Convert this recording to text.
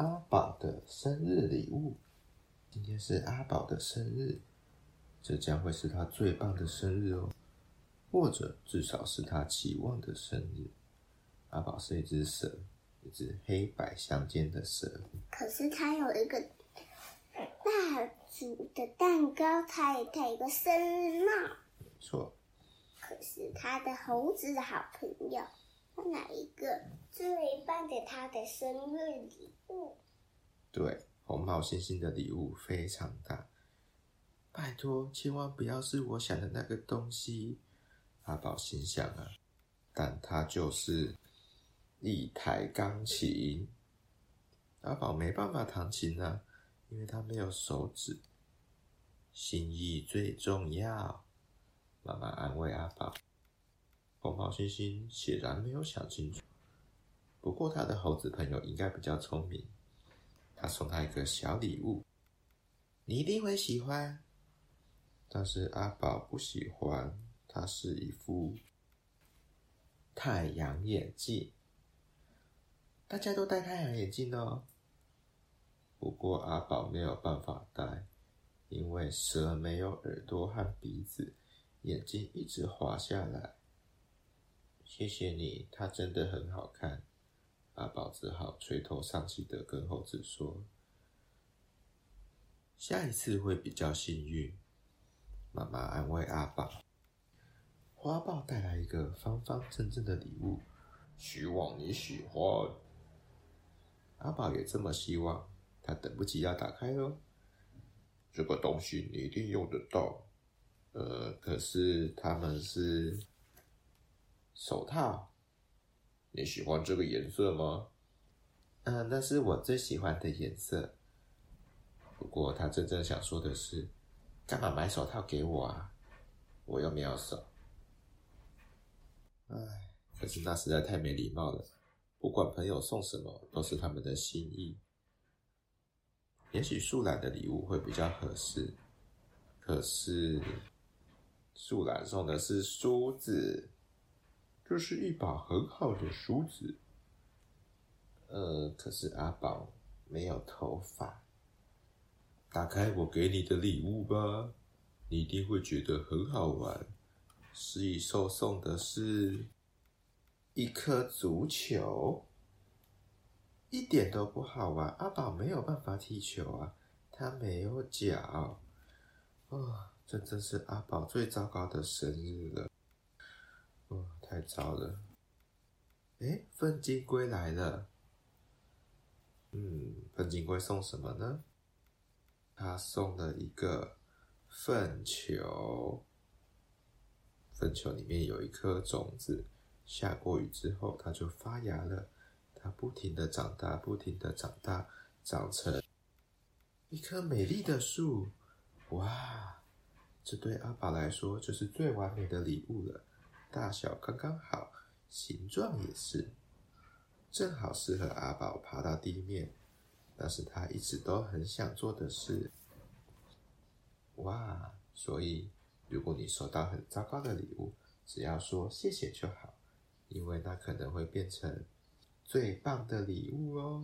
阿寶的生日禮物。今天是阿寶的生日，這將會是他最棒的生日哦，或者至少是他期望的生日。阿寶是一隻蛇，一隻黑白相間的蛇。可是他有一個蠟燭的蛋糕，他也戴一個生日帽。錯。可是他的猴子的好朋友，他哪一個最棒的他的生日禮物？對，紅毛猩猩的禮物非常大。拜託，千萬不要是我想的那個東西，阿寶心想啊。但他就是一台鋼琴。阿寶沒辦法彈琴啊，因為他沒有手指。心意最重要。媽媽安慰阿寶，紅毛猩猩顯然沒有想清楚。不過，他的猴子朋友應該比較聰明。他送他一個小禮物，你一定會喜歡。但是阿寶不喜歡，他是一副太陽眼鏡。大家都戴太陽眼鏡哦。不過阿寶沒有辦法戴，因為蛇沒有耳朵和鼻子。眼睛一直滑下來。謝謝你，它真的很好看。阿寶只好垂頭喪氣的跟猴子說：“下一次會比較幸運。”媽媽安慰阿寶。花豹帶來一個方方正正的禮物，希望你喜歡。阿寶也這麼希望，他等不及要打開哦。這個東西你一定用得到。呃，可是他們是手套，你喜歡這個顏色嗎？嗯、呃，那是我最喜歡的顏色。不過他真正想說的是，幹嘛買手套給我啊？我又沒有手。唉，可是那實在太沒禮貌了。不管朋友送什麼，都是他們的心意。也許樹懶的禮物會比較合適，可是。素蘭送的是梳子，這是一把很好的梳子。呃，可是阿寶沒有頭髮。打開我給你的禮物吧，你一定會覺得很好玩。食蟻獸送的是一顆足球，一點都不好玩。阿寶沒有辦法踢球啊，他沒有腳。啊、哦。這真是阿寶最糟糕的生日了，哦，太糟了！哎，糞金龜來了。嗯，糞金龜送什麼呢？他送了一個糞球，糞球裡面有一顆種子。下過雨之後，它就發芽了。它不停的長大，不停的長大，長成一棵美麗的樹。哇！這對阿寶來說就是最完美的禮物了，大小剛剛好，形狀也是，正好適合阿寶爬到地面，那是他一直都很想做的事。哇！所以，如果你收到很糟糕的禮物，只要說謝謝就好，因為那可能會變成最棒的禮物哦。